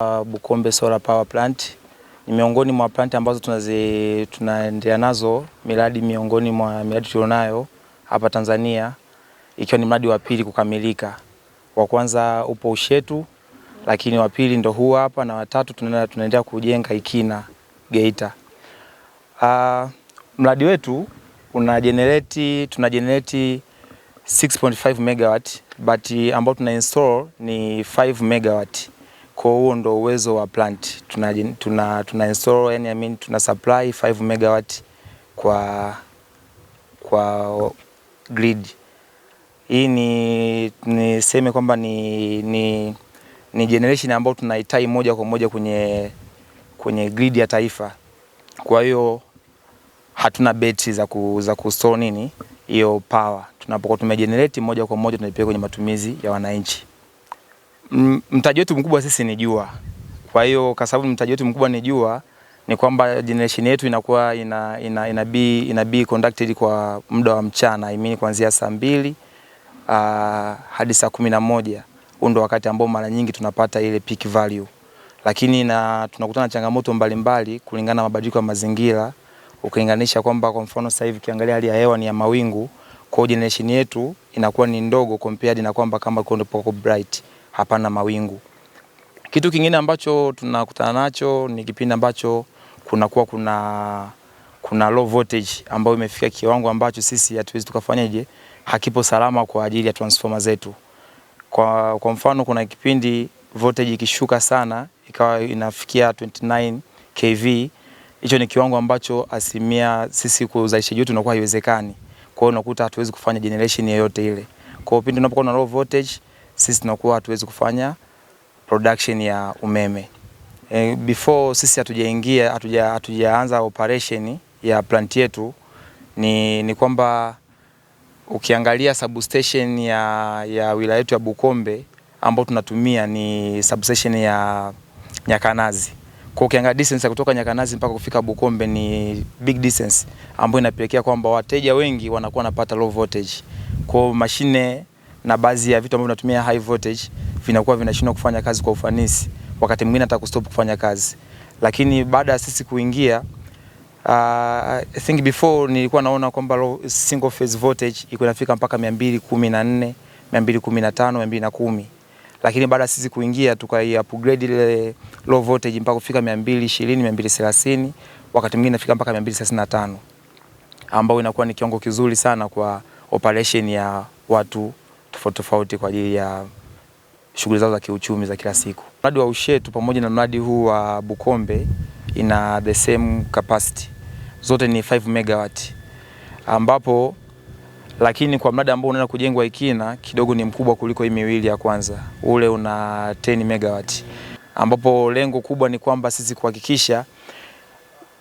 Bukombe Solar Power Plant ni miongoni mwa plant ambazo tunazi tunaendelea nazo miradi miongoni mwa miradi tulionayo hapa Tanzania, ikiwa ni mradi wa pili kukamilika. Wa kwanza upo Ushetu, lakini wa pili ndo huu hapa na watatu tunaendelea kujenga Ikina Geita. Uh, mradi wetu una generate tuna generate 6.5 megawatt but ambao tuna install ni 5 megawatt kwa huo ndo uwezo wa plant tuna, tuna, tuna install yani I mean, tuna supply 5 megawatt kwa, kwa grid hii ni niseme kwamba ni, ni, ni generation ambayo tunahitaji moja kwa moja kwenye, kwenye grid ya taifa. Kwa hiyo hatuna beti za, ku, za kustore nini hiyo power, tunapokuwa tumegenerate moja kwa moja tunaipeleka kwenye matumizi ya wananchi mtaji wetu mkubwa sisi ni jua. Kwa hiyo kwa sababu mtaji wetu mkubwa ni jua, ni kwamba generation yetu inakuwa ina, ina, ina, be, ina be conducted kwa muda wa mchana I mean kuanzia saa mbili uh, hadi saa kumi na moja huu ndo wakati ambao mara nyingi tunapata ile peak value, lakini na tunakutana na changamoto mbalimbali mbali, kulingana na mabadiliko ya mazingira ukilinganisha kwamba kwa mfano sasa hivi ukiangalia hali ya hewa ni ya mawingu, kwa generation yetu inakuwa ni ndogo compared na kwamba kama kondo kuwa bright hapana mawingu. Kitu kingine ambacho tunakutana nacho ni kipindi ambacho kunakuwa kuna, kuna low voltage ambayo imefika kiwango ambacho sisi hatuwezi tukafanyaje, hakipo salama kwa ajili ya transformer zetu. Kwa, kwa mfano kuna kipindi voltage ikishuka sana ikawa inafikia 29 kV, hicho ni kiwango ambacho asilimia sisi kwa uzalishaji wetu unakuwa haiwezekani. Kwa hiyo unakuta hatuwezi kufanya generation yoyote ile. Kwa hiyo pindi unapokuwa na low voltage sisi tunakuwa hatuwezi kufanya production ya umeme. E, before sisi hatujaingia hatuja hatujaanza operation ya plant yetu ni, ni kwamba ukiangalia substation ya, ya wilaya yetu ya Bukombe ambao tunatumia ni substation ya Nyakanazi. Kwa ukianga distance ya kutoka Nyakanazi mpaka kufika Bukombe ni big distance ambayo inapelekea kwamba wateja wengi wanakuwa wanapata low voltage. Kwa mashine na baadhi ya vitu ambavyo vinatumia high voltage vinakuwa vinashindwa kufanya kazi kwa ufanisi, wakati mwingine hata kustop kufanya kazi. Lakini baada ya sisi kuingia uh, I think before nilikuwa naona kwamba single phase voltage iko inafika mpaka 214, 215, 210 lakini baada ya sisi kuingia tukai upgrade ile low voltage mpaka kufika 220, 230, wakati mwingine inafika mpaka 235 ambayo inakuwa ni kiwango kizuri sana kwa operation ya watu tofauti tofauti kwa ajili ya shughuli zao za kiuchumi za kila siku. Mradi wa Ushetu pamoja na mradi huu wa Bukombe ina the same capacity, zote ni 5 megawatt ambapo lakini kwa mradi ambao unaenda kujengwa Ikina kidogo ni mkubwa kuliko hii miwili ya kwanza, ule una 10 megawatt, ambapo lengo kubwa ni kwamba sisi kuhakikisha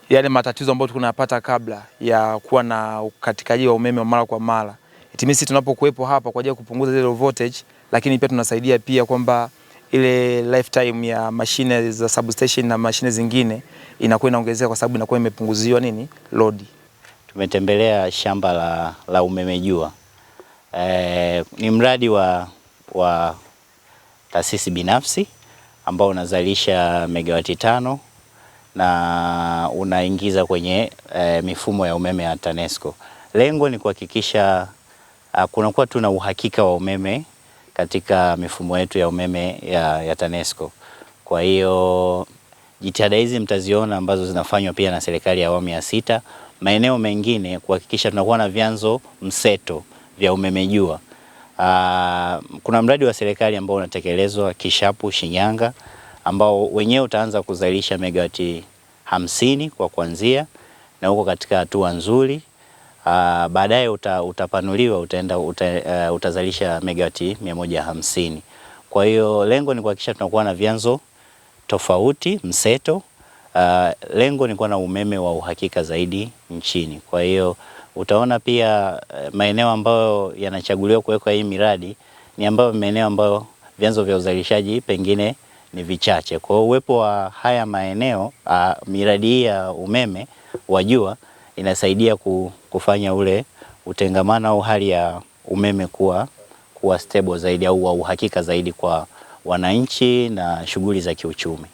yale matatizo ambayo tunayapata kabla ya kuwa na ukatikaji wa umeme wa mara kwa mara timisi tunapokuwepo hapa kwa ajili ya kupunguza zile voltage, lakini pia tunasaidia pia kwamba ile lifetime ya mashine za substation na mashine zingine inakuwa inaongezeka kwa sababu inakuwa imepunguziwa nini load. Tumetembelea shamba la, la umeme jua e, ni mradi wa, wa taasisi binafsi ambao unazalisha megawati tano na unaingiza kwenye e, mifumo ya umeme ya TANESCO. Lengo ni kuhakikisha Ah, kunakuwa tuna uhakika wa umeme katika mifumo yetu ya umeme ya, ya TANESCO. Kwa hiyo jitihada hizi mtaziona ambazo zinafanywa pia na serikali ya awamu ya sita maeneo mengine kuhakikisha tunakuwa na vyanzo mseto vya umeme jua. Ah, kuna mradi wa serikali ambao unatekelezwa Kishapu Shinyanga, ambao wenyewe utaanza kuzalisha megawati hamsini kwa kuanzia na huko katika hatua nzuri Ah, baadaye uta, utapanuliwa utaenda uta, uh, utazalisha megawati hamsini. Kwa hiyo lengo ni kuhakikisha tunakuwa na vyanzo tofauti mseto. Uh, lengo ni kuwa na umeme wa uhakika zaidi nchini. Kwa hiyo utaona pia eh, maeneo ambayo yanachaguliwa kuwekwa hii miradi ni ambayo maeneo ambayo vyanzo vya uzalishaji pengine ni vichache. Kwa hiyo uwepo wa haya maeneo uh, miradi hii ya umeme wa jua inasaidia kufanya ule utengamano au hali ya umeme kuwa, kuwa stable zaidi au wa uhakika zaidi kwa wananchi na shughuli za kiuchumi.